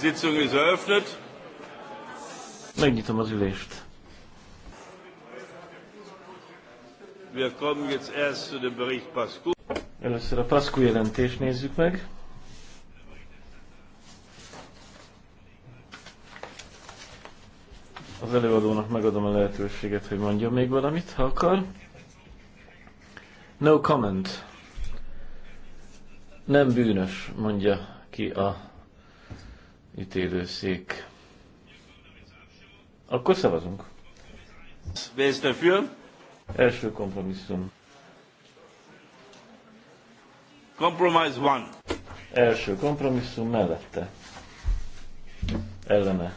Sitzung ist eröffnet. Megnyitom az ülést. Wir kommen jetzt erst zu dem Bericht Pascu. Először a Pascu jelentést nézzük meg. Az előadónak megadom a lehetőséget, hogy mondjon még valamit, ha akar. No comment. Nem bűnös, mondja ki a ítélőszék. Akkor szavazunk. Első kompromisszum. Compromise one. Első kompromisszum mellette. Ellene.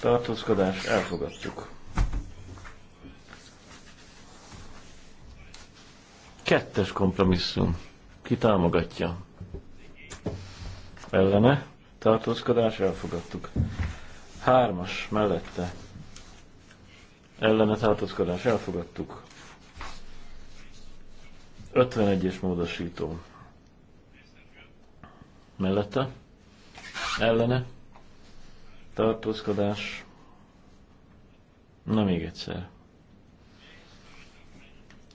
Tartózkodás elfogadtuk. Kettes kompromisszum. Ki támogatja? ellene tartózkodás elfogadtuk. Hármas mellette ellene tartózkodás elfogadtuk. 51-es módosító mellette ellene tartózkodás na még egyszer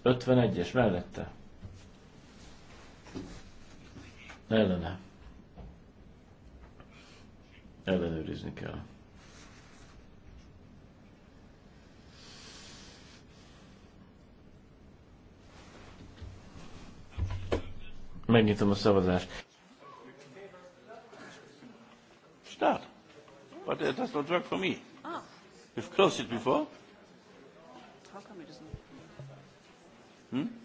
51-es mellette ellene ellenőrizni kell. Megnyitom a szavazást. Start. But it does not work for me. Ah. You've closed it before. How come it doesn't work for me? Hmm?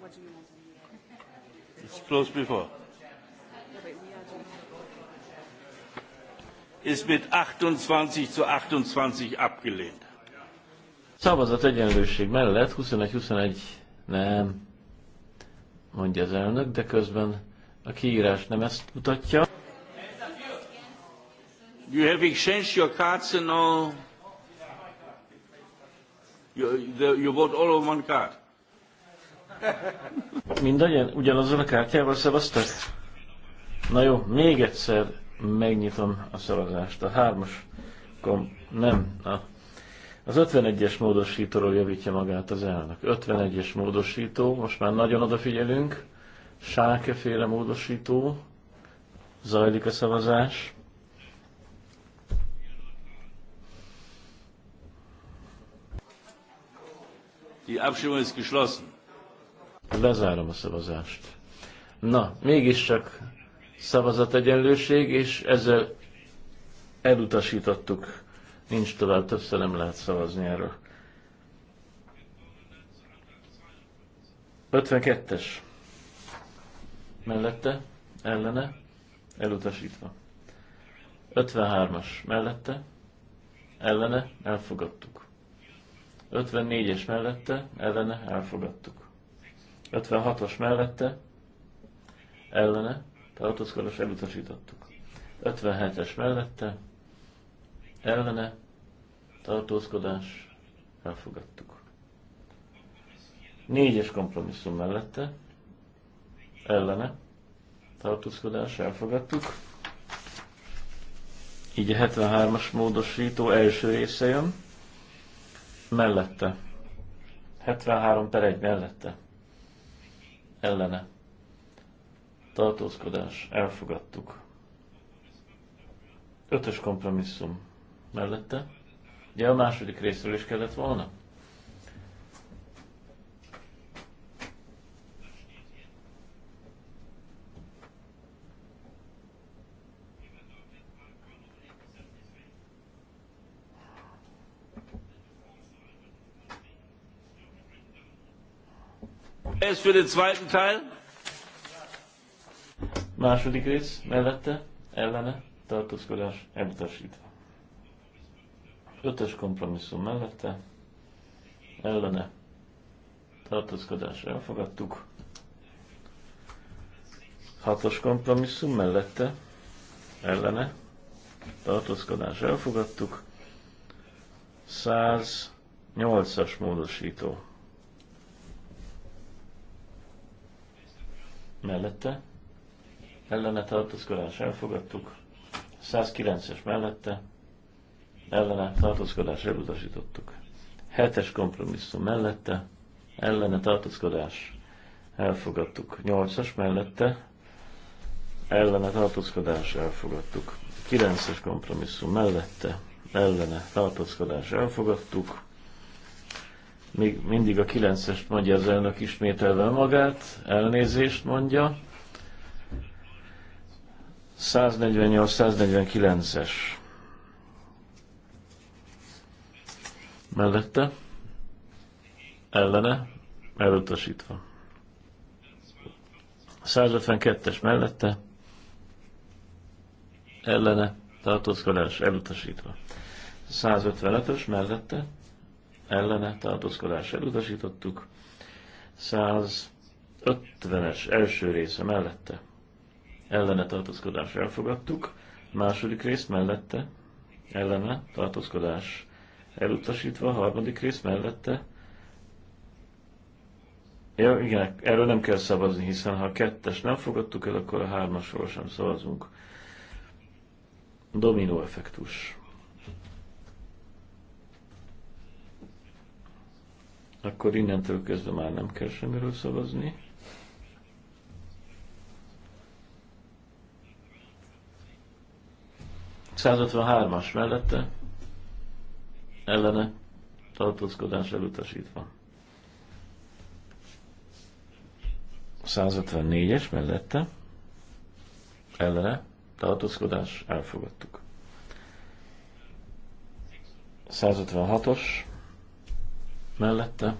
What do you want? to do? It's closed before. ist mit 28 zu 28 abgelehnt. Szavazat egyenlőség mellett 21-21 nem, mondja az elnök, de közben a kiírás nem ezt mutatja. You have exchanged your cards and all... You, the, you bought all of one card. Mindannyian ugyanazon a kártyával szavaztak? Na jó, még egyszer megnyitom a szavazást. A hármas kom... nem, a, az 51-es módosítóról javítja magát az elnök. 51-es módosító, most már nagyon odafigyelünk, sákeféle módosító, zajlik a szavazás. Die Abstimmung ist geschlossen. Lezárom a szavazást. Na, mégiscsak szavazategyenlőség, és ezzel elutasítottuk. Nincs tovább, többször nem lehet szavazni erről. 52-es. Mellette, ellene, elutasítva. 53-as mellette, ellene, elfogadtuk. 54-es mellette, ellene, elfogadtuk. 56-os mellette, ellene, tartózkodás elutasítottuk. 57-es mellette, ellene, tartózkodás, elfogadtuk. 4-es kompromisszum mellette, ellene, tartózkodás, elfogadtuk. Így a 73-as módosító első része jön, mellette, 73 per 1 mellette, ellene, tartózkodás, elfogadtuk. Ötös kompromisszum mellette. Ugye a második részről is kellett volna? Es für den zweiten Teil? Második rész mellette, ellene, tartózkodás elutasítva. Ötös kompromisszum mellette, ellene, tartózkodás elfogadtuk. Hatos kompromisszum mellette, ellene, tartózkodás elfogadtuk. 108-as módosító. Mellette, ellene tartózkodás elfogadtuk, 109-es mellette ellene tartózkodás elutasítottuk, 7-es kompromisszum mellette ellene tartózkodás elfogadtuk, 8-as mellette ellene tartózkodás elfogadtuk, 9-es kompromisszum mellette ellene tartózkodás elfogadtuk, még mindig a 9-est mondja az elnök ismételve magát, elnézést mondja, 148-149-es mellette, ellene, elutasítva. 152-es mellette, ellene, tartózkodás, elutasítva. 155-ös mellette, ellene, tartózkodás, elutasítottuk. 150-es első része mellette, ellene tartózkodás elfogadtuk, második rész mellette, ellene tartózkodás elutasítva, harmadik rész mellette, Ja, igen, erről nem kell szavazni, hiszen ha a kettes nem fogadtuk el, akkor a hármasról sem szavazunk. Dominó effektus. Akkor innentől kezdve már nem kell semmiről szavazni. 153-as mellette ellene tartózkodás elutasítva. 154-es mellette ellene tartózkodás elfogadtuk. 156-os mellette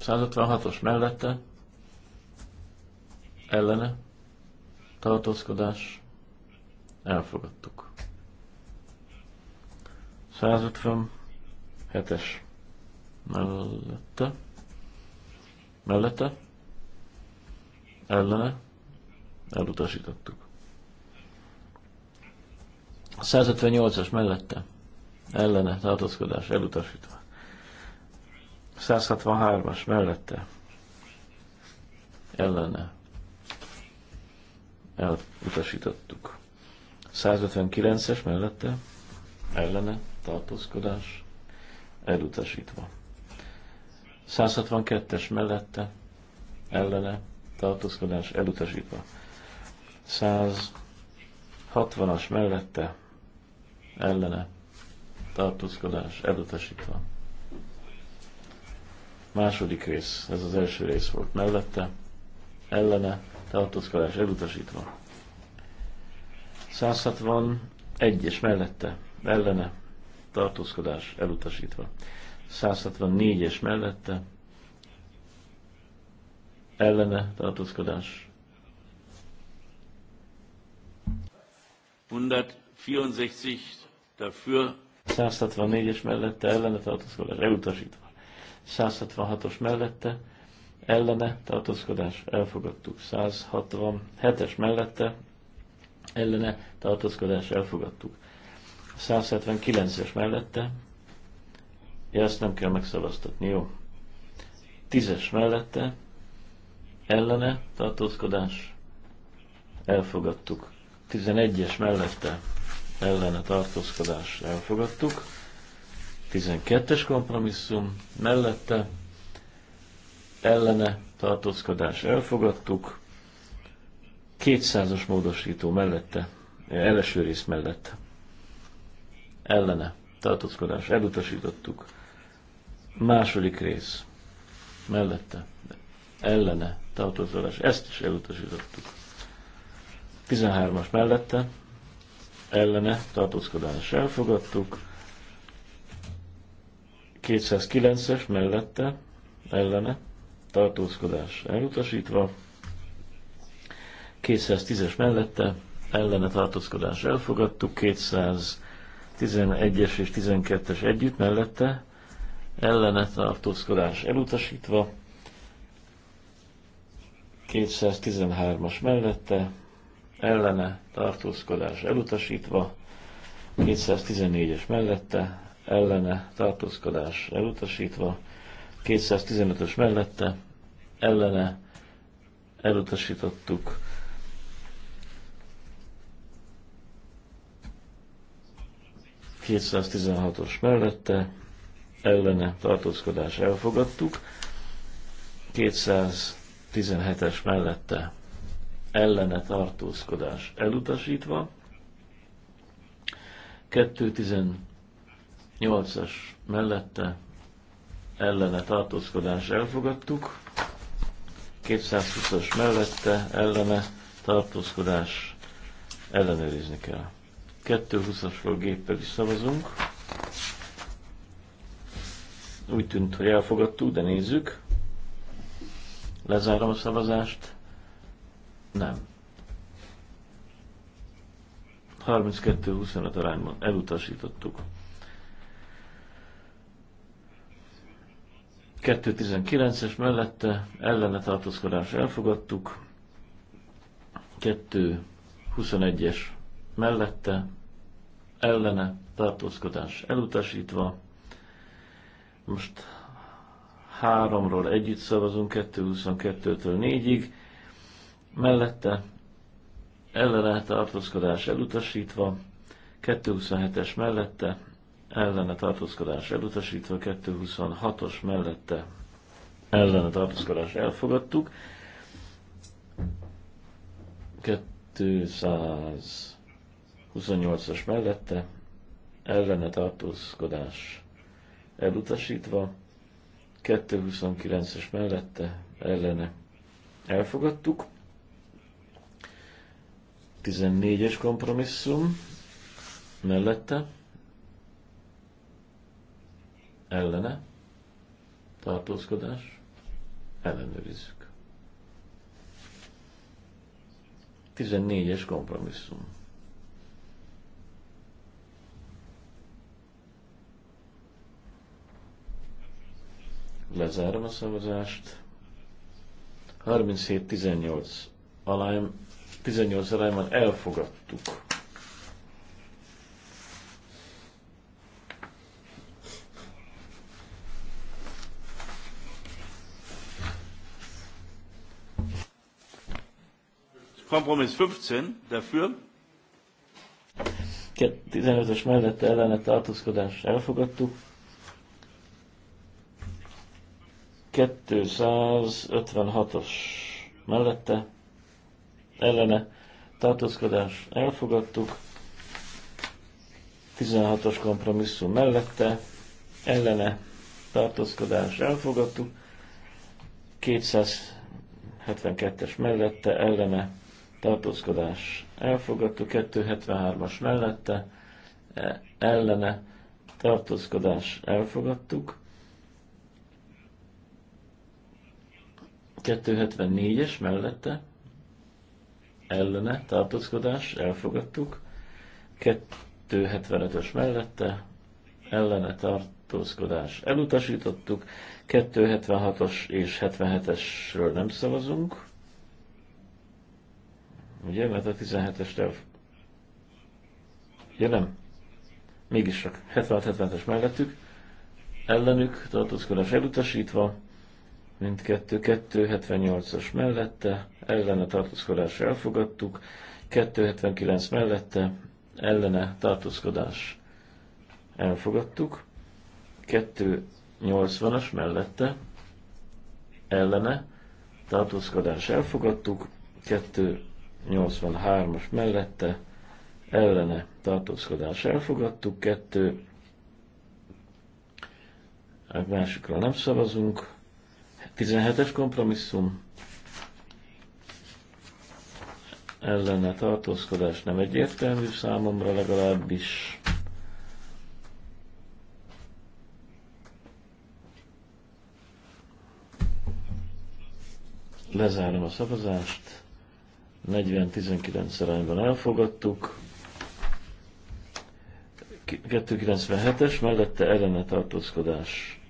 156-os mellette ellene tartózkodás, elfogadtuk. 157-es mellette, mellette, ellene, elutasítottuk. 158-as mellette, ellene, tartózkodás, elutasítva. 163-as mellette, ellene, elutasítottuk. 159-es mellette ellene tartózkodás elutasítva. 162-es mellette ellene tartózkodás elutasítva. 160-as mellette ellene tartózkodás elutasítva. Második rész, ez az első rész volt mellette, ellene tartózkodás elutasítva. 161-es mellette, ellene, tartózkodás elutasítva. 164-es mellette, ellene, tartózkodás. 164 dafür. 164-es mellette, ellene, tartózkodás elutasítva. 166-os mellette, ellene tartózkodás elfogadtuk 167-es mellette, ellene tartózkodás elfogadtuk 179-es mellette, ja, ezt nem kell megszavaztatni, jó. 10-es mellette, ellene tartózkodás elfogadtuk 11-es mellette, ellene tartózkodás elfogadtuk 12-es kompromisszum mellette, ellene tartózkodás elfogadtuk, 200 módosító mellette, első rész mellett ellene tartózkodás elutasítottuk, második rész mellette ellene tartózkodás, ezt is elutasítottuk. 13-as mellette ellene tartózkodás elfogadtuk, 209-es mellette ellene tartózkodás elutasítva, 210-es mellette ellene tartózkodás elfogadtuk, 211-es és 12-es együtt mellette ellene tartózkodás elutasítva, 213-as mellette ellene tartózkodás elutasítva, 214-es mellette ellene tartózkodás elutasítva, 215-ös mellette, ellene elutasítottuk. os mellette, ellene tartózkodás elfogadtuk. 217-es mellette ellene tartózkodás elutasítva, 218-as mellette ellene tartózkodás elfogadtuk, 220-as mellette ellene tartózkodás ellenőrizni kell. 220-asról géppel is szavazunk. Úgy tűnt, hogy elfogadtuk, de nézzük. Lezárom a szavazást. Nem. 32-25 arányban elutasítottuk. 219-es mellette ellene tartózkodás elfogadtuk, 221-es mellette ellene tartózkodás elutasítva, most háromról együtt szavazunk, 222-től 4-ig, mellette ellene tartózkodás elutasítva, 227-es mellette ellene tartózkodás elutasítva, 226-os mellette ellene tartózkodás elfogadtuk, 228-as mellette ellene tartózkodás elutasítva, 229-es mellette ellene elfogadtuk, 14-es kompromisszum mellette, ellene, tartózkodás, ellenőrizzük. 14-es kompromisszum. Lezárom a szavazást. 37-18 alány, 18 arányban elfogadtuk. Kompromiss 15 dafür. 15-ös mellette ellene tartózkodás elfogadtuk. 256-os mellette ellene tartózkodás elfogadtuk. 16-os kompromisszum mellette ellene tartózkodás elfogadtuk. 272-es mellette ellene tartózkodás elfogadtuk, 273-as e, mellette, ellene tartózkodás elfogadtuk, 274-es mellette, ellene tartózkodás elfogadtuk, 275-ös mellette, ellene tartózkodás elutasítottuk, 276-os és 77-esről nem szavazunk, Ugye, mert a 17-es terv. Ugye nem. Mégis csak 76-70-es mellettük. Ellenük tartózkodás elutasítva. Mindkettő 78 as mellette. Ellene tartózkodás elfogadtuk. 279 mellette. Ellene tartózkodás elfogadtuk. 280-as mellette. Ellene tartózkodás elfogadtuk. 83-as mellette ellene tartózkodás elfogadtuk, kettő. a másikra nem szavazunk, 17-es kompromisszum ellene tartózkodás nem egyértelmű számomra legalábbis. Lezárom a szavazást. 40-19 arányban elfogadtuk. 297-es, mellette ellene tartózkodás.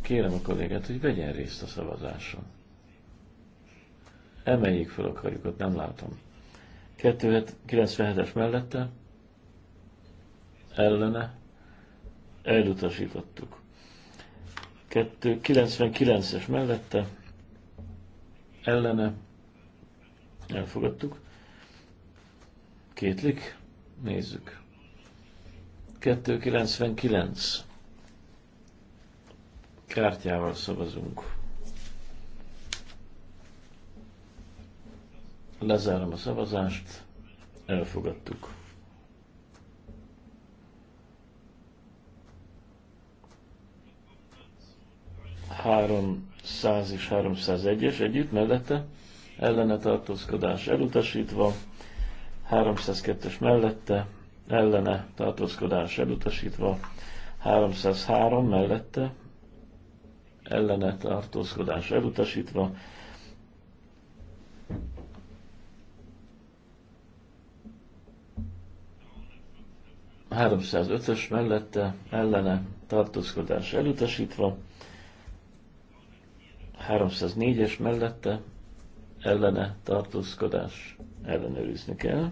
Kérem a kollégát, hogy vegyen részt a szavazáson. Emeljék fel a karjukat, nem látom. 297-es mellette, ellene, elutasítottuk. 299-es mellette, ellene elfogadtuk. Kétlik, nézzük. 299 kártyával szavazunk. Lezárom a szavazást, elfogadtuk. Három 100 és 301-es együtt, mellette ellene tartózkodás elutasítva, 302-es mellette ellene tartózkodás elutasítva, 303 mellette ellene tartózkodás elutasítva, ...305-ös mellette ellene tartózkodás elutasítva, 304-es mellette ellene tartózkodás ellenőrizni kell.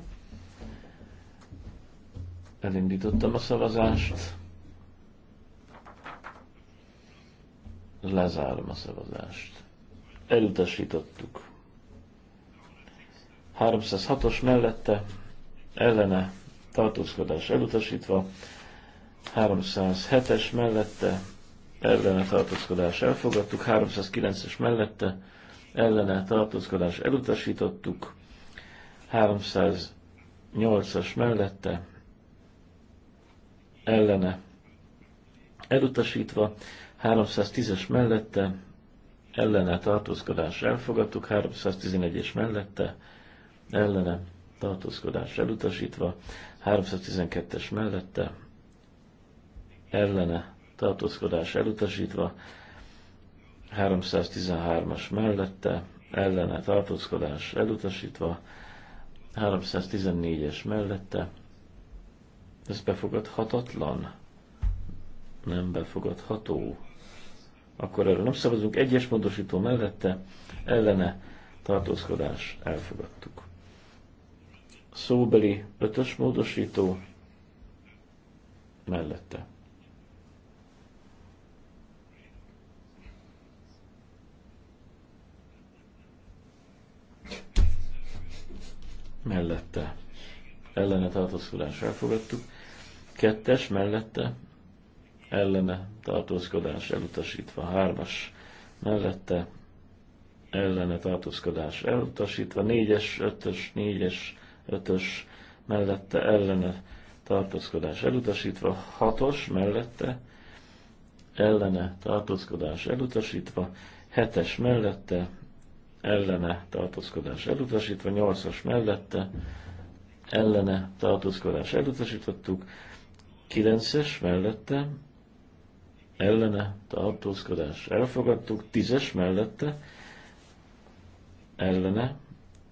Elindítottam a szavazást. Lezárom a szavazást. Elutasítottuk. 306-os mellette ellene tartózkodás elutasítva, 307-es mellette ellene tartózkodás elfogadtuk, 309-es mellette ellene tartózkodás elutasítottuk, 308-as mellette ellene elutasítva, 310-es mellette ellene tartózkodás elfogadtuk, 311-es mellette ellene tartózkodás elutasítva, 312-es mellette ellene tartózkodás elutasítva, 313-as mellette, ellene tartózkodás elutasítva, 314-es mellette, ez befogadhatatlan, nem befogadható. Akkor erről nem szavazunk, egyes módosító mellette, ellene tartózkodás elfogadtuk. Szóbeli ötös módosító mellette mellette ellene tartózkodás elfogadtuk, kettes mellette ellene tartózkodás elutasítva, hármas mellette ellene tartózkodás elutasítva, négyes, ötös, négyes, ötös mellette ellene tartózkodás elutasítva, hatos mellette ellene tartózkodás elutasítva, hetes mellette ellene tartózkodás elutasítva, 8-as mellette ellene tartózkodás elutasítottuk, 9-es mellette ellene tartózkodás elfogadtuk, 10-es mellette ellene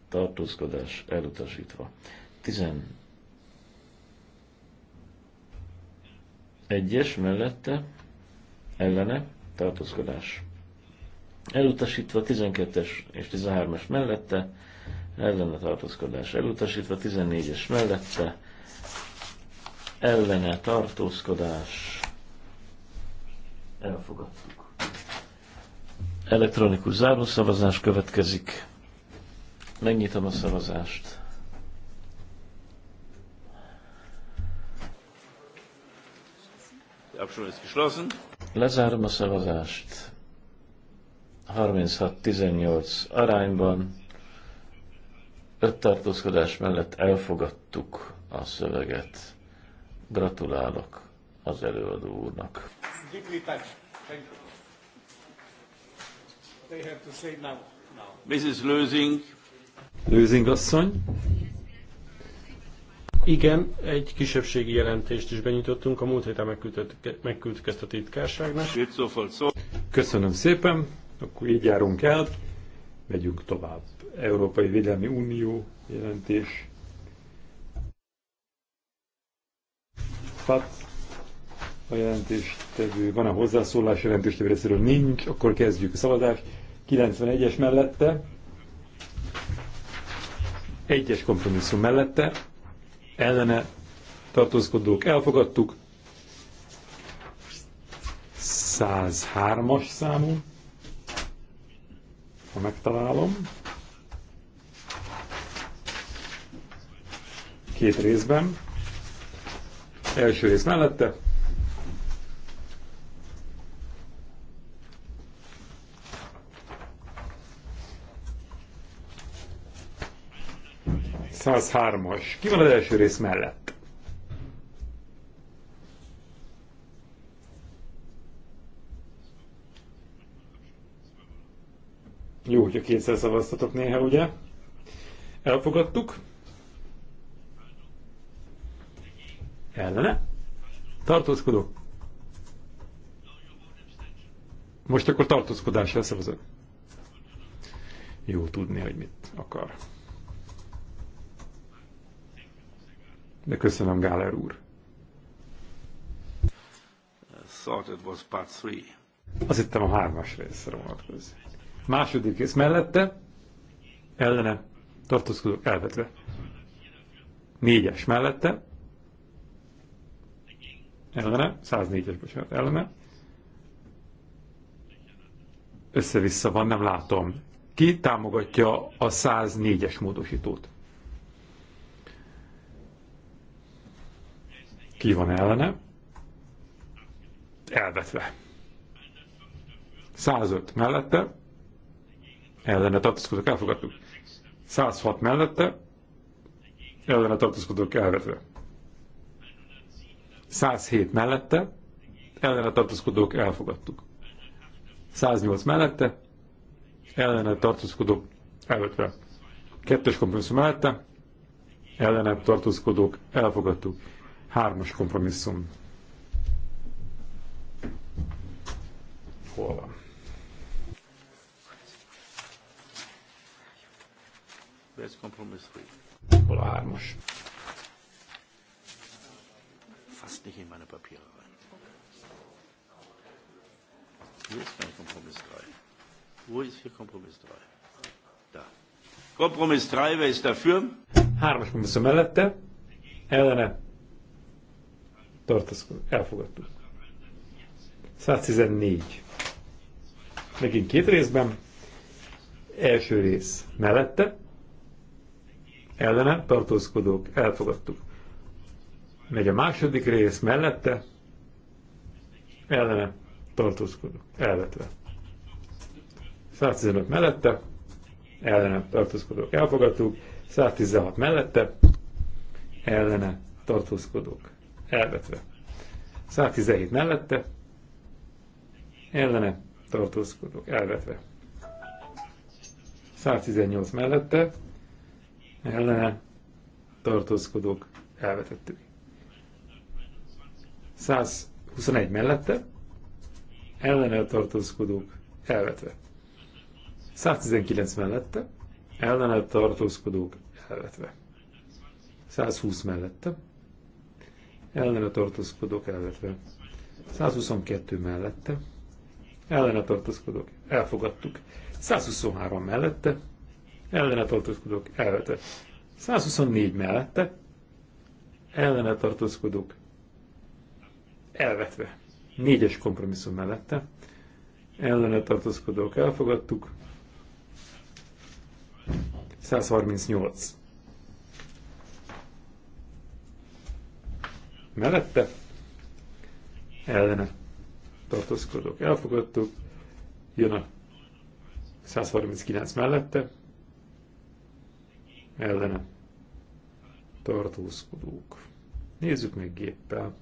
tartózkodás elutasítva. 11-es mellette ellene tartózkodás elutasítva 12-es és 13-es mellette, ellene tartózkodás elutasítva 14-es mellette, ellene tartózkodás elfogadtuk. Elektronikus zárószavazás következik. Megnyitom a szavazást. Lezárom a szavazást. 36-18 arányban öt tartózkodás mellett elfogadtuk a szöveget. Gratulálok az előadó úrnak. Mrs. Lőzing. Lőzing asszony. Igen, egy kisebbségi jelentést is benyitottunk, a múlt héten megküldtük, megküldtük ezt a titkárságnak. Köszönöm szépen. Akkor így járunk el, megyünk tovább. Európai Védelmi Unió jelentés. FAT a jelentéstevő, van a hozzászólás jelentéstevő részéről nincs, akkor kezdjük a szavazást. 91-es mellette, egyes kompromisszum mellette, ellene tartózkodók elfogadtuk, 103-as számú ha megtalálom. Két részben. Első rész mellette. Száz hármas. Ki van az első rész mellett? Jó, hogyha kétszer szavaztatok néha, ugye? Elfogadtuk. Ellene. Tartózkodó. Most akkor tartózkodásra szavazok. Jó tudni, hogy mit akar. De köszönöm, Gáler úr. Thought it was part three. Azt hittem a hármas részre vonatkozik. Második rész mellette, ellene, tartózkodók elvetve. Négyes mellette, ellene, 104-es, bocsánat, ellene. Össze-vissza van, nem látom. Ki támogatja a 104-es módosítót? Ki van ellene? Elvetve. 105 mellette, ellene tartózkodók elfogadtuk. 106 mellette ellene tartózkodók elvetve. 107 mellette ellene tartózkodók elfogadtuk. 108 mellette ellene tartózkodók elvetve. Kettes kompromisszum mellette ellene tartózkodók elfogadtuk. Hármas kompromisszum. Hol van? Ez kompromissz. Hol a hármas? Fast nicht in meine Papiere van Hier ist mein Kompromiss 3. Wo ist hier Kompromiss 3? Da. Kompromiss 3, wer ist dafür? Hármas kompromisszum mellette, ellene tartozkodunk, elfogadtuk. 114. Megint két részben. Első rész mellette, ellene tartózkodók, elfogadtuk. Megy a második rész mellette, ellene tartózkodók, elvetve. 115 mellette, ellene tartózkodók, elfogadtuk. 116 mellette, ellene tartózkodók, elvetve. 117 mellette, ellene tartózkodók, elvetve. 118 mellette, ellene tartózkodók elvetettük. 121 mellette ellene tartózkodók elvetve. 119 mellette ellene tartózkodók elvetve. 120 mellette ellene tartózkodók elvetve. 122 mellette ellene tartózkodók elfogadtuk. 123 mellette ellene tartózkodok, elvetett. 124 mellette ellene tartózkodok, elvetve. Négyes kompromisszum mellette ellene tartózkodok, elfogadtuk. 138. Mellette ellene tartózkodok, elfogadtuk. Jön a 139 mellette ellene tartózkodók. Nézzük meg géppel.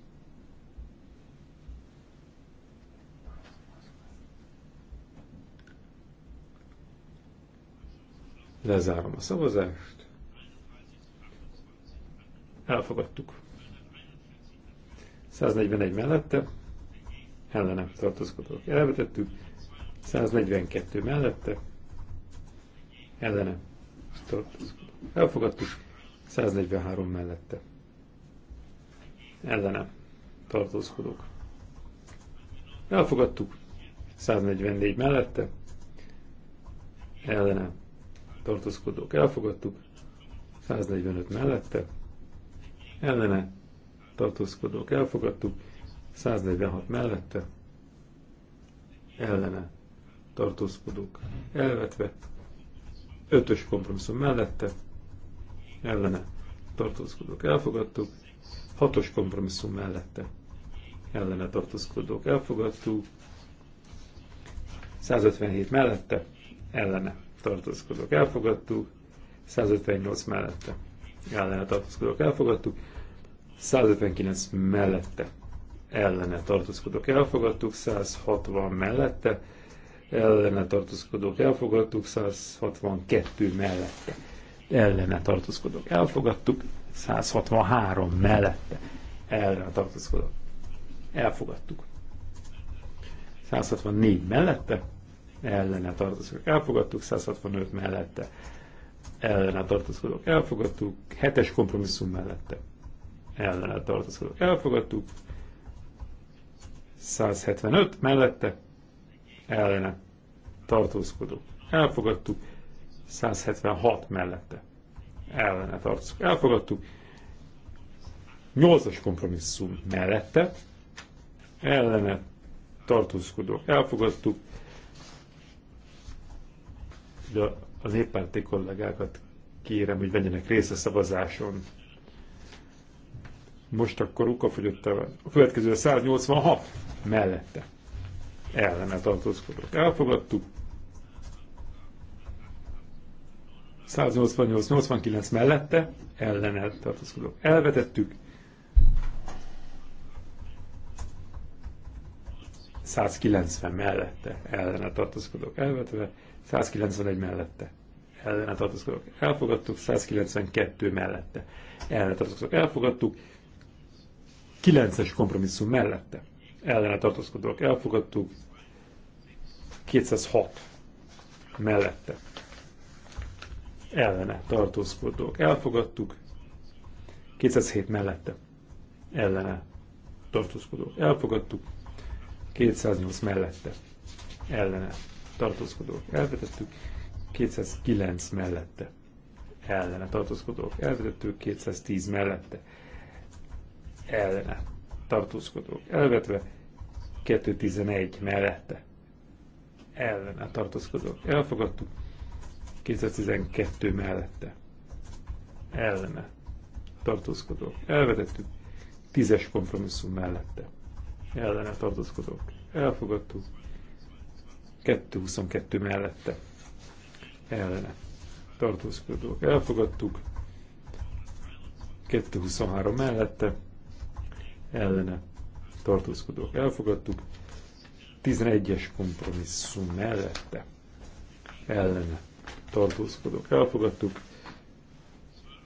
Lezárom a szavazást. Elfogadtuk. 141 mellette, ellene tartózkodók elvetettük, 142 mellette, ellene tartózkodók Elfogadtuk. 143 mellette. Ellenem. Tartózkodok. Elfogadtuk. 144 mellette. Ellenem. Tartózkodók. Elfogadtuk. 145 mellette. Ellene. Tartózkodók. Elfogadtuk. 146 mellette. Ellene. Tartózkodók. Elvetve. Ötös kompromisszum mellette ellene tartózkodók elfogadtuk, hatos kompromisszum mellette ellene tartózkodók elfogadtuk, 157 mellette ellene tartózkodók elfogadtuk, 158 mellette ellene tartózkodók elfogadtuk, 159 mellette ellene tartózkodók elfogadtuk, 160 mellette ellene tartózkodók elfogadtuk, 162 mellette ellene tartózkodók elfogadtuk, 163 mellette ellene tartózkodók elfogadtuk. 164 mellette ellene tartózkodók elfogadtuk, 165 mellette ellene tartózkodók elfogadtuk, 7-es kompromisszum mellette ellene tartózkodók elfogadtuk, 175 mellette ellene tartózkodók elfogadtuk, 176 mellette ellene tartozunk. Elfogadtuk. 8-as kompromisszum mellette ellene tartózkodók. Elfogadtuk. De az éppárti kollégákat kérem, hogy vegyenek részt a szavazáson. Most akkor fogyott a, a következő a 186 mellette ellene tartózkodók. Elfogadtuk. 188-89 mellette ellene tartózkodók. Elvetettük. 190 mellette ellene tartózkodók elvetve, 191 mellette ellene tartózkodók elfogadtuk, 192 mellette ellene tartózkodók elfogadtuk, 9-es kompromisszum mellette ellene tartózkodók elfogadtuk, 206 mellette ellene tartózkodók elfogadtuk, 207 mellette ellene tartózkodók elfogadtuk, 208 mellette ellene tartózkodók elvetettük, 209 mellette ellene tartózkodók elvetettük, 210 mellette ellene tartózkodók elvetve, 211 mellette ellene tartózkodók elfogadtuk, 212 mellette. Ellene. Tartózkodók. Elvetettük. Tízes kompromisszum mellette. Ellene tartózkodók. Elfogadtuk. 222 mellette. Ellene. Tartózkodók. Elfogadtuk. 223 mellette. Ellene. Tartózkodók. Elfogadtuk. 11-es kompromisszum mellette. Ellene tartózkodók elfogadtuk,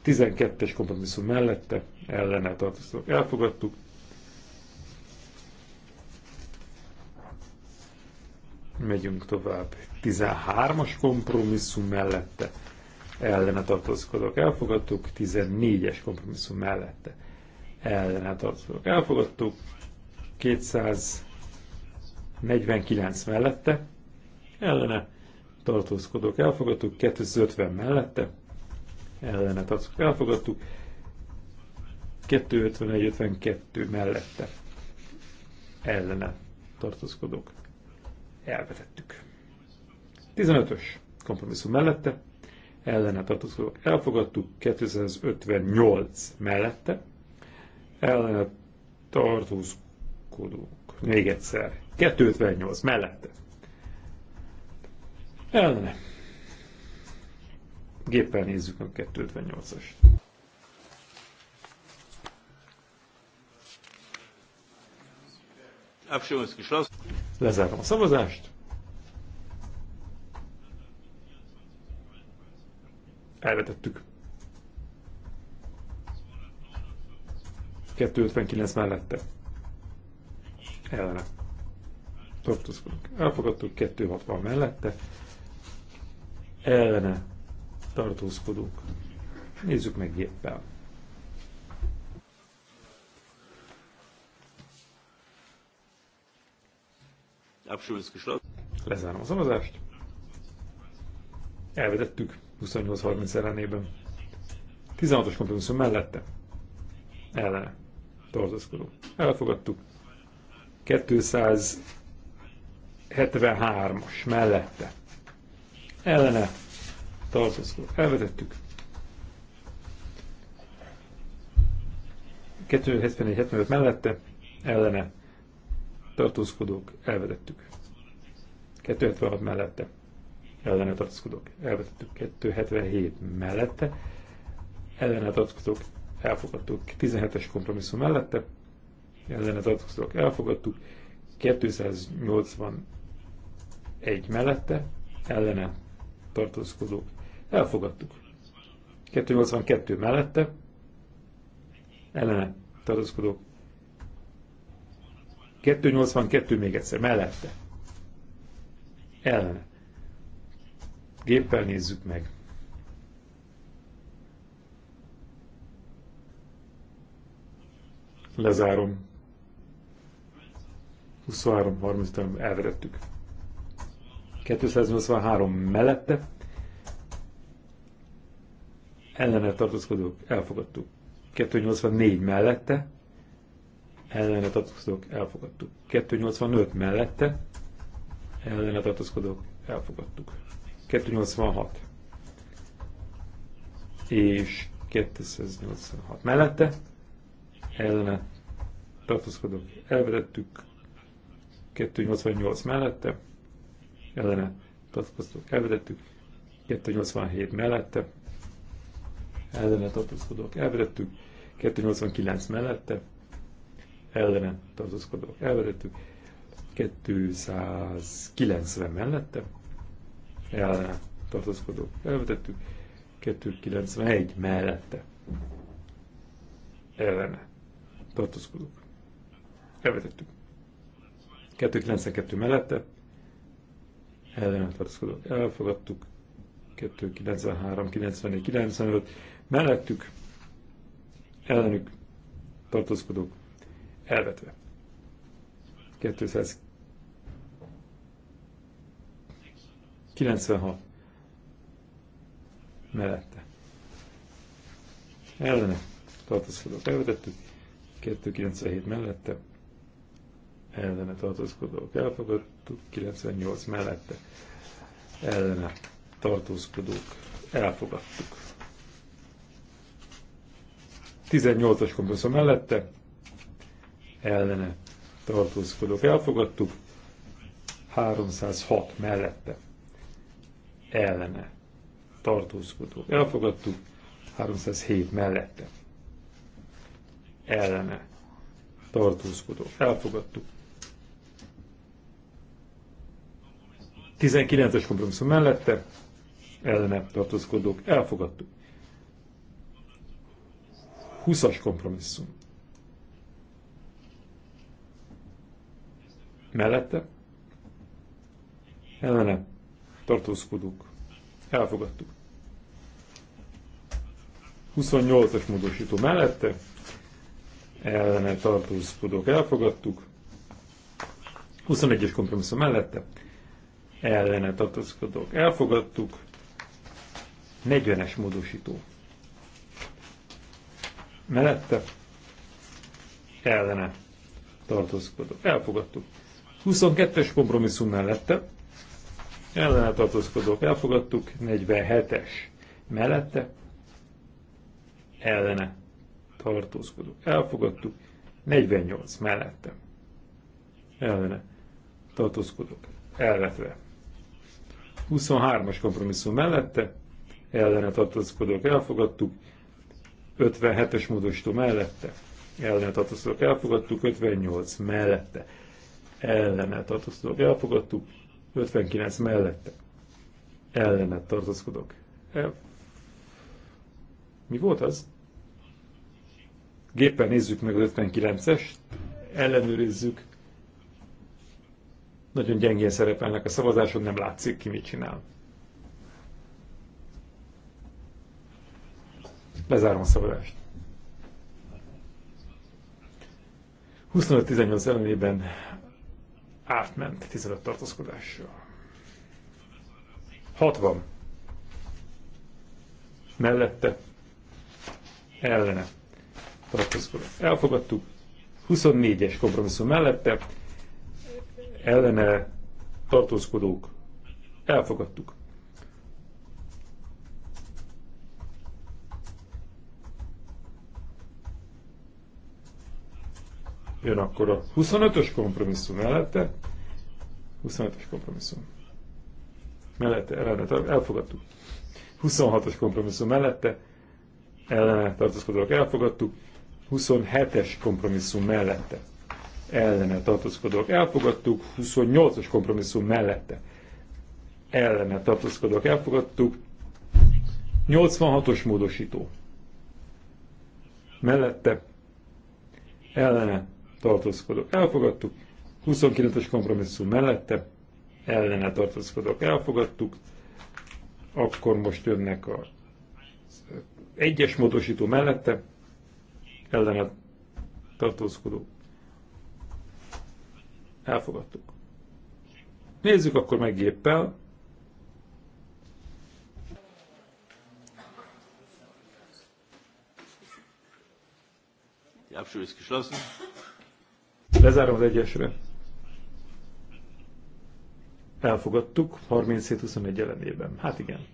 12-es kompromisszum mellette ellene tartózkodók elfogadtuk, 'Megyünk tovább. 13-as kompromisszum mellette ellene tartózkodók elfogadtuk, 14-es kompromisszum mellette ellene tartózkodók elfogadtuk, 249 mellette ellene tartózkodók elfogadtuk, 250 mellette ellene tartózkodók elfogadtuk, 251-52 mellette ellene tartózkodók elvetettük. 15-ös kompromisszum mellette ellene tartózkodók elfogadtuk, 258 mellette ellene tartózkodók még egyszer, 258 mellette Ellene. Géppel nézzük a 258 as Lezárom a szavazást. Elvetettük. 259 mellette. Ellene. Tartózkodunk. Elfogadtuk 260 mellette ellene tartózkodunk. Nézzük meg éppen. Lezárom a szavazást. Elvedettük 28-30 ellenében. 16-os kompromisszum mellette. Ellene. Tartózkodó. Elfogadtuk. 273-as mellette ellene tartozó. elvetettük. 274-75 mellette ellene tartózkodók elvetettük. 276 mellette ellene tartózkodók elvetettük. 277 mellette ellene tartózkodók elfogadtuk. 17-es kompromisszum mellette ellene tartózkodók elfogadtuk. 281 mellette ellene tartózkodók. Elfogadtuk. 282 mellette, ellene tartózkodók. 282 még egyszer, mellette. Ellene. Géppel nézzük meg. Lezárom. 23-30-től elverettük. 283 mellette ellene tartózkodók elfogadtuk. 284 mellette ellene tartózkodók elfogadtuk. 285 mellette ellene tartózkodók elfogadtuk. 286 és 286 mellette ellene tartózkodók elvetettük. 288 mellette ellene tartózkodók elvedettük, 287 mellette ellene tartózkodók elvedettük, 289 mellette ellene tartózkodók elvedettük, 290 mellette ellene tartózkodók elvedettük, 291 mellette ellene tartózkodók elvedettük. 292 mellette ellene elfogadtuk, 293, 94, 95, mellettük ellenük tartózkodók elvetve. 296 mellette. Ellene tartózkodók elvetettük, 297 mellette ellene tartózkodók elfogadtuk, 98 mellette ellene tartózkodók elfogadtuk. 18-as kompromisszum mellette ellene tartózkodók elfogadtuk, 306 mellette ellene tartózkodók elfogadtuk, 307 mellette ellene tartózkodók elfogadtuk, 19-es kompromisszum mellette ellene tartózkodók elfogadtuk. 20-as kompromisszum. Mellette ellene tartózkodók elfogadtuk. 28-as módosító mellette ellene tartózkodók elfogadtuk. 21-es kompromisszum mellette ellene tartozkodok. elfogadtuk, 40-es módosító. Mellette ellene tartozkodok. elfogadtuk. 22-es kompromisszum mellette ellene tartozkodok. elfogadtuk, 47-es mellette ellene tartózkodók elfogadtuk, 48 mellette ellene tartózkodók elvetve. 23-as kompromisszum mellette, ellene tartózkodók elfogadtuk, 57-es módosító mellette, ellene tartózkodók elfogadtuk, 58 mellette, ellene tartózkodók elfogadtuk, 59 mellette, ellene tartózkodók. El... Mi volt az? Géppen nézzük meg az 59-est, ellenőrizzük nagyon gyengén szerepelnek a szavazáson, nem látszik ki, mit csinál. Lezárom a szavazást. 25-18 ellenében átment 15 tartózkodással. 60. Mellette ellene tartózkodott. Elfogadtuk. 24-es kompromisszum mellette ellene tartózkodók elfogadtuk. Jön akkor a 25-ös kompromisszum mellette. 25-ös kompromisszum. Mellette, ellene, elfogadtuk. 26-os kompromisszum mellette, ellene tartózkodók elfogadtuk. 27-es kompromisszum mellette ellene tartózkodók elfogadtuk, 28-as kompromisszum mellette ellene tartózkodók elfogadtuk, 86-os módosító mellette ellene tartózkodók elfogadtuk, 29-es kompromisszum mellette ellene tartózkodók elfogadtuk, akkor most jönnek a egyes módosító mellette ellene tartózkodók Elfogadtuk. Nézzük akkor meg géppel. Lezárom az egyesre. Elfogadtuk 37-21 ellenében. Hát igen.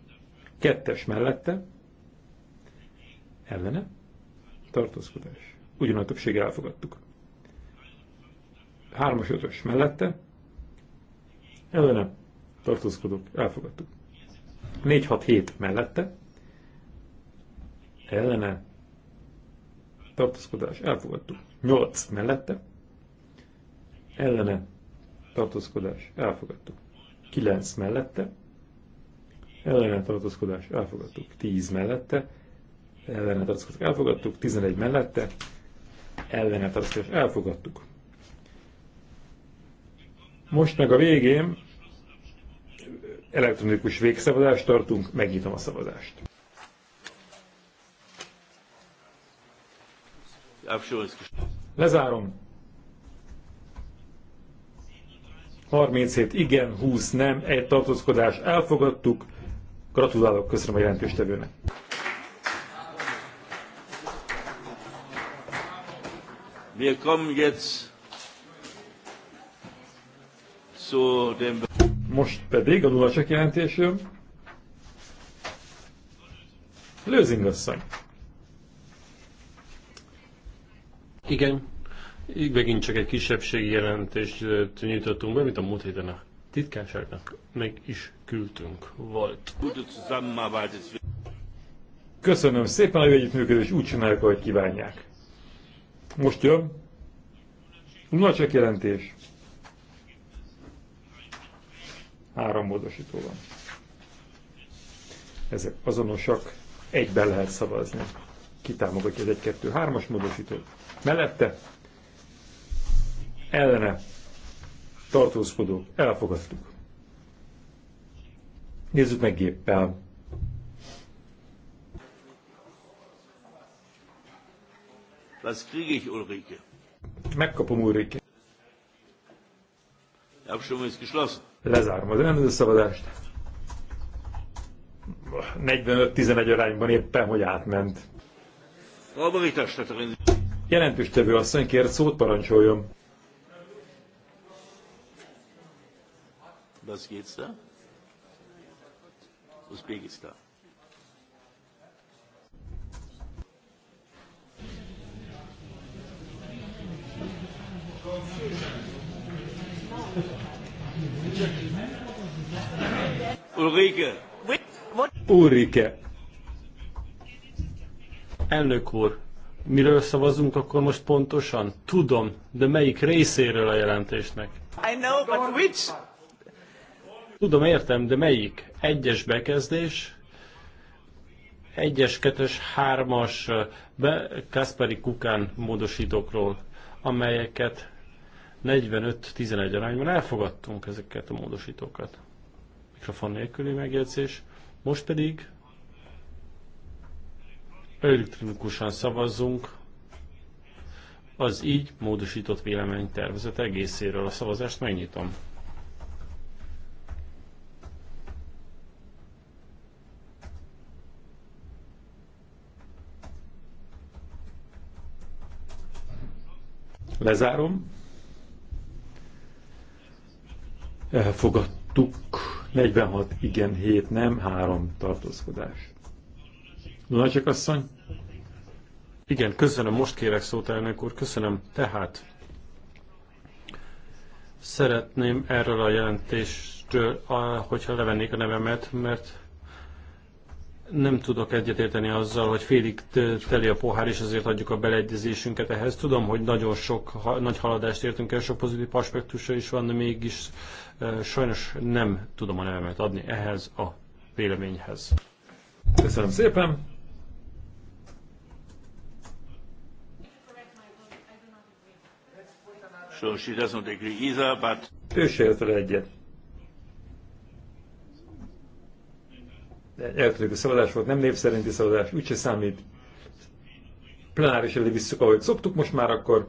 Kettes mellette. Ellene. Tartózkodás. Ugyan a többség elfogadtuk. 3-as, 5-ös mellette, ellenem tartózkodok, elfogadtuk. 4-6-7 mellette, ellene tartózkodás, elfogadtuk. 8 mellette, ellene tartózkodás, elfogadtuk. 9 mellette, ellene tartózkodás, elfogadtuk. 10 mellette, ellene tartózkodás, elfogadtuk. 11 mellette, ellene tartózkodás, elfogadtuk. Most meg a végén elektronikus végszavazást tartunk, megnyitom a szavazást. Lezárom. 37 igen, 20 nem, egy tartózkodás elfogadtuk. Gratulálok, köszönöm a jelentőstevőnek. Wir kommen jetzt most pedig a nulla csak jelentés jön. Lőzing asszony. Igen, így megint csak egy kisebbségi jelentést nyitottunk be, mint a múlt héten a titkárságnak meg is küldtünk volt. Köszönöm szépen a jó együttműködés, úgy csináljuk, ahogy kívánják. Most jön. Nagy csak jelentés. Három módosító van. Ezek azonosak, egyben lehet szavazni. Ki támogatja az 1-2-3-as módosítót? Mellette ellene tartózkodó, elfogadtuk. Nézzük meg géppel. Was kriege ich, Ulrike? Megkapom, Ulrike. Die Abstimmung ist geschlossen. Lezárom az előző szavazást. 45-11 arányban éppen, hogy átment. Jelentős tevő asszony kért szót, parancsoljon. Was geht's da? Usbekistan. Thank you. Ulrike. Ulrike. Elnök úr, miről szavazunk akkor most pontosan? Tudom, de melyik részéről a jelentésnek? I know, but which? Tudom, értem, de melyik? Egyes bekezdés, egyes, kettes, hármas eh, Kaspari Kukán módosítókról, amelyeket 45-11 arányban elfogadtunk ezeket a módosítókat. Mikrofon nélküli megjegyzés. Most pedig elektronikusan szavazzunk az így módosított véleménytervezet egészéről. A szavazást megnyitom. Lezárom. Elfogadtuk 46 igen, 7 nem, 3 tartózkodás. Lunacek asszony? Igen, köszönöm, most kérek szót, elnök úr, köszönöm. Tehát szeretném erről a jelentést, hogyha levennék a nevemet, mert nem tudok egyetérteni azzal, hogy félig teli a pohár, és azért, adjuk a beleegyezésünket ehhez. Tudom, hogy nagyon sok nagy haladást értünk el, sok pozitív aspektusa is van, de mégis sajnos nem tudom a nevemet adni ehhez a véleményhez. Köszönöm szépen! So she doesn't agree either, but... Ő se egyet eltörjük a szavazás volt, nem népszerinti szavazás, úgyse számít. Plenáris elé visszük, ahogy szoktuk most már, akkor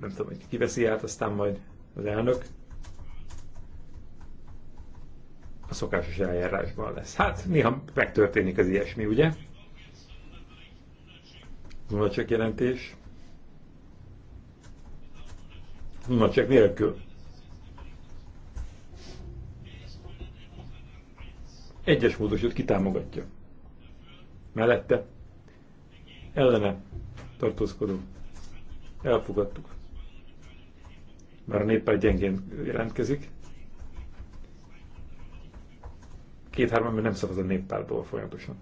nem tudom, hogy kiveszi át, aztán majd az elnök a szokásos eljárásban lesz. Hát néha megtörténik az ilyesmi, ugye? Nullacsek jelentés. Nullacsek nélkül. Egyes módosítót kitámogatja. Mellette ellene tartózkodó. Elfogadtuk. mert a néppel gyengén jelentkezik. Két-három ember nem szavaz a néppárból folyamatosan.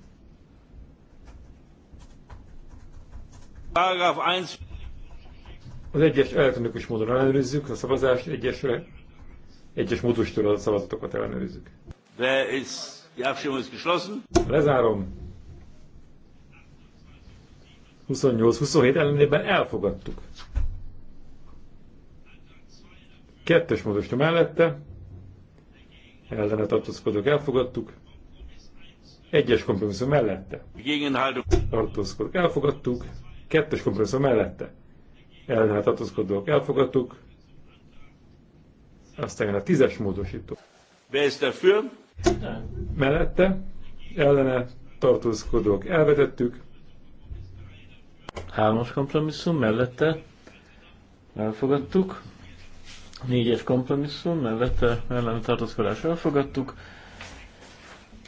Az egyes elektronikus módon ellenőrizzük a szavazást, egyesre, egyes módosítóra a szavazatokat ellenőrizzük. There is Die Abstimmung ist geschlossen. Lezárom. 28-27 ellenében elfogadtuk. Kettes módosítja mellette. Ellene tartózkodók elfogadtuk. Egyes kompromisszum mellette. Tartózkodók elfogadtuk. Kettes kompromisszum mellette. Ellene tartózkodók elfogadtuk. Aztán jön a tízes módosító. Wer ist dafür? Mellette ellene tartózkodók elvetettük. Hármas kompromisszum mellette elfogadtuk. Négyes kompromisszum mellette ellene tartózkodás elfogadtuk.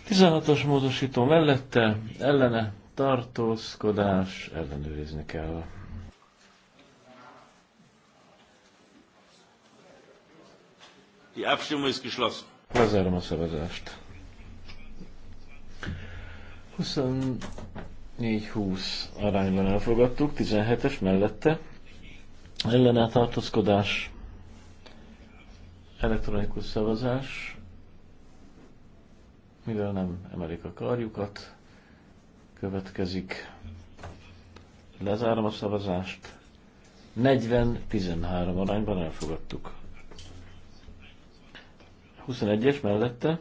16-os módosító mellette ellene tartózkodás ellenőrizni kell. Die Abstimmung ist geschlossen. Lezárom a szavazást. 24-20 arányban elfogadtuk, 17-es mellette. Ellene tartózkodás, elektronikus szavazás, mivel nem emelik a karjukat, következik. Lezárom a szavazást. 40-13 arányban elfogadtuk. 21-es mellette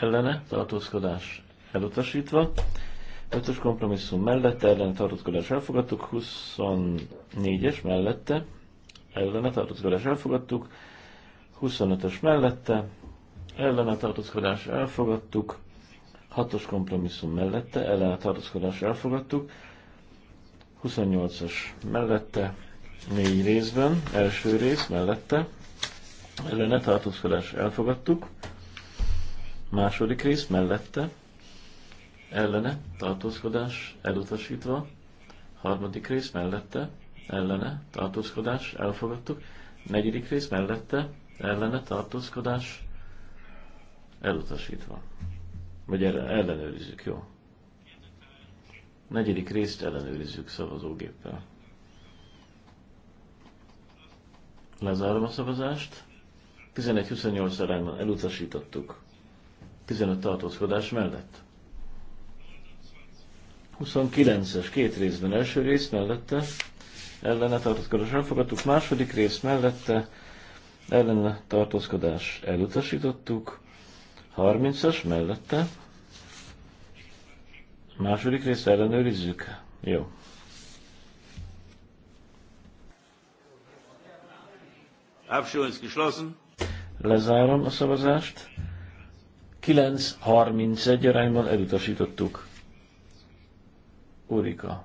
ellene tartózkodás elutasítva. 5-ös kompromisszum mellette ellene tartózkodás elfogadtuk. 24-es mellette ellene tartózkodás elfogadtuk. 25-ös mellette ellene tartózkodás elfogadtuk. 6-os kompromisszum mellette ellene tartózkodás elfogadtuk. 28-as mellette négy részben, első rész mellette ellene tartózkodás elfogadtuk. Második rész mellette ellene tartózkodás elutasítva. Harmadik rész mellette ellene tartózkodás elfogadtuk. Negyedik rész mellette ellene tartózkodás elutasítva. Vagy erre ellenőrizzük, jó? Negyedik részt ellenőrizzük szavazógéppel. Lezárom a szavazást. 11-28 arányban elutasítottuk. 15 tartózkodás mellett. 29-es két részben első rész mellette, ellene tartózkodás elfogadtuk, második rész mellette, ellene tartózkodás elutasítottuk, 30-as mellette, második részt ellenőrizzük. Jó. Abschluss geschlossen. Lezárom a szavazást. 9.31 arányban elutasítottuk. Urika,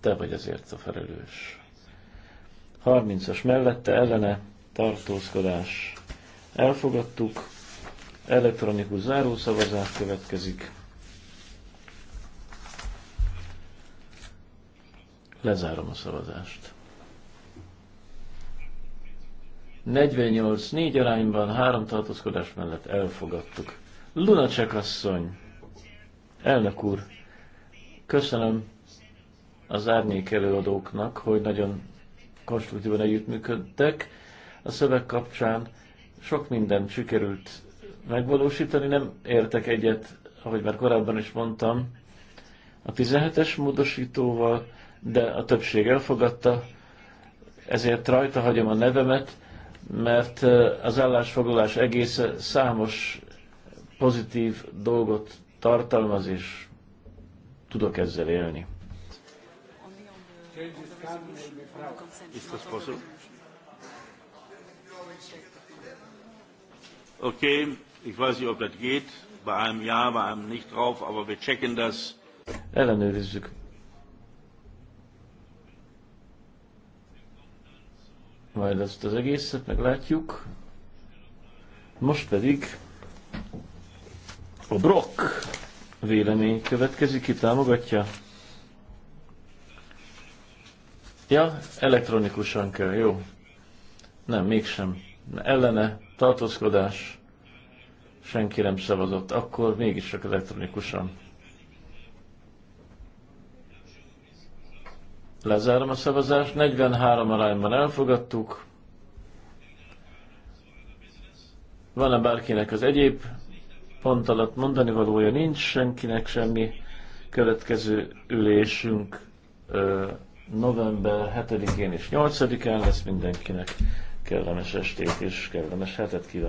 te vagy ezért a felelős. 30-as mellette ellene tartózkodás. Elfogadtuk. Elektronikus zárószavazás következik. Lezárom a szavazást. 48-4 arányban három tartózkodás mellett elfogadtuk. Lunacek asszony, elnök úr, köszönöm az árnyék előadóknak, hogy nagyon konstruktívan együttműködtek a szöveg kapcsán. Sok minden sikerült megvalósítani, nem értek egyet, ahogy már korábban is mondtam, a 17-es módosítóval, de a többség elfogadta, ezért rajta hagyom a nevemet, mert az állásfoglalás egész számos pozitív dolgot tartalmaz, és tudok ezzel élni. Oké, ich weiß nicht, ob das geht. Bei einem Ja, bei einem nicht drauf, aber wir checken das. Ellenőrizzük. majd ezt az egészet meglátjuk. Most pedig a Brock vélemény következik, ki támogatja? Ja, elektronikusan kell, jó. Nem, mégsem. Ellene, tartózkodás, senki nem szavazott, akkor mégis csak elektronikusan. Lezárom a szavazást. 43 arányban elfogadtuk. Van-e bárkinek az egyéb pont alatt mondani valója nincs, senkinek semmi. Következő ülésünk november 7-én és 8-án lesz mindenkinek. Kellemes estét és kellemes hetet kívánok.